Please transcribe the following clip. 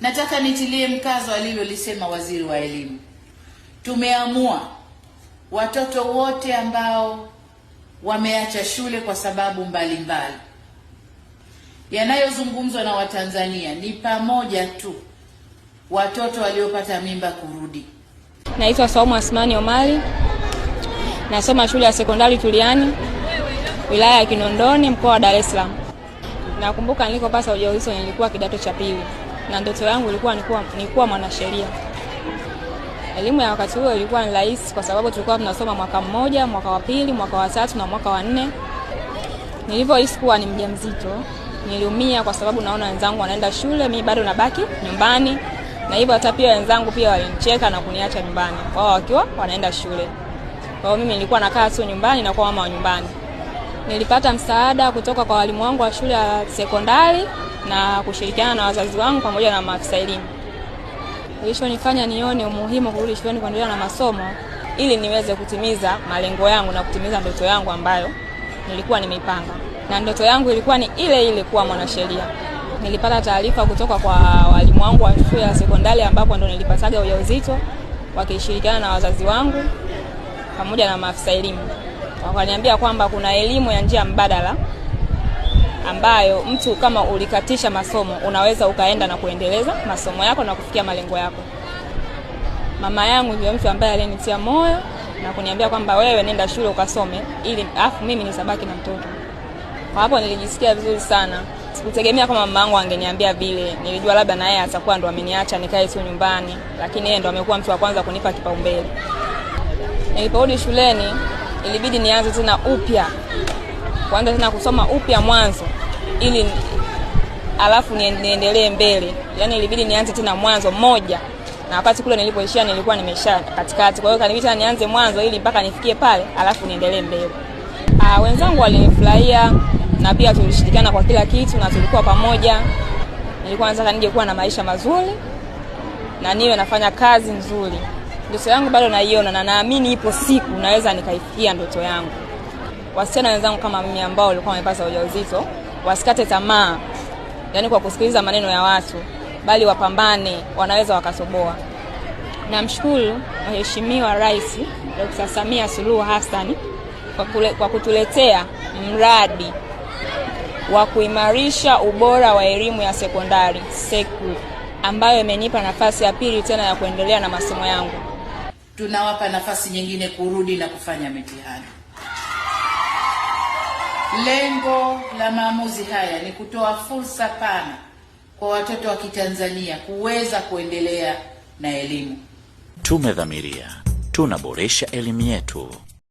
Nataka nitilie mkazo alilolisema waziri wa elimu. Tumeamua watoto wote ambao wameacha shule kwa sababu mbalimbali, yanayozungumzwa na Watanzania ni pamoja tu watoto waliopata mimba kurudi. Naitwa Saumu Asmani Omari, nasoma shule ya sekondari Tuliani, wilaya ya Kinondoni, mkoa wa Dar es Salaam. Nakumbuka nilikopasa ujauzito nilikuwa kidato cha pili na ndoto yangu ilikuwa ni kuwa mwanasheria. Elimu ya wakati huo ilikuwa ni rahisi kwa sababu tulikuwa tunasoma mwaka mmoja, mwaka wa pili, mwaka wa tatu na mwaka wa nne. Nilivyohisi kuwa ni mjamzito, niliumia kwa sababu naona wenzangu wanaenda shule, mimi bado nabaki nyumbani, na hivyo hata pia wenzangu pia walinicheka na kuniacha nyumbani, wao wakiwa wanaenda shule. Kwa hiyo mimi nilikuwa nakaa tu nyumbani na kwa mama wa nyumbani. Nilipata msaada kutoka kwa walimu wangu wa shule ya sekondari na kushirikiana na wazazi wangu pamoja na maafisa elimu. Kilichonifanya nione umuhimu kurudi shuleni kuendelea na masomo ili niweze kutimiza malengo yangu na kutimiza ndoto yangu ambayo nilikuwa nimeipanga, na ndoto yangu ilikuwa ni ile ile kuwa mwanasheria. Nilipata taarifa kutoka kwa walimu wangu wa shule ya sekondari ambapo ndo nilipataga ujauzito, wakishirikiana na wazazi wangu pamoja na maafisa elimu wakaniambia kwamba kuna elimu ya njia mbadala ambayo mtu kama ulikatisha masomo unaweza ukaenda na kuendeleza masomo yako na kufikia malengo yako. Mama yangu ndio mtu ambaye alinitia moyo na kuniambia kwamba wewe nenda shule ukasome, ili afu mimi nisabaki na mtoto. Kwa hapo nilijisikia vizuri sana. Sikutegemea kama mama yangu angeniambia vile. Nilijua labda na yeye atakuwa ndo ameniacha nikae tu nyumbani, lakini yeye ndo amekuwa mtu wa kwanza kunipa kipaumbele. Niliporudi shuleni, ilibidi nianze tena upya kuanza tena kusoma upya mwanzo ili alafu niendelee mbele. yani ilibidi nianze tena mwanzo mmoja na wakati kule nilipoishia nilikuwa nimesha katikati, kwa hiyo kanibidi tena nianze mwanzo ili mpaka nifikie pale, alafu niendelee mbele. Ah, wenzangu walinifurahia na pia tulishirikiana kwa kila kitu na tulikuwa pamoja. Nilikuwa nataka nije kuwa na maisha mazuri na niwe nafanya kazi nzuri. Ndoto yangu bado naiona na naamini ipo siku naweza nikaifikia ndoto yangu wasichana wenzangu kama mimi ambao walikuwa wamepata ujauzito wasikate tamaa, yani kwa kusikiliza maneno ya watu, bali wapambane, wanaweza wakatoboa. Namshukuru Mheshimiwa Rais Dr. Samia Suluhu Hassan kwa, kwa kutuletea mradi wa kuimarisha ubora wa elimu ya sekondari SEKU, ambayo imenipa nafasi ya pili tena ya kuendelea na masomo yangu. Tunawapa nafasi nyingine kurudi na kufanya mitihani. Lengo la maamuzi haya ni kutoa fursa pana kwa watoto wa Kitanzania kuweza kuendelea na elimu. Tumedhamiria tunaboresha elimu yetu.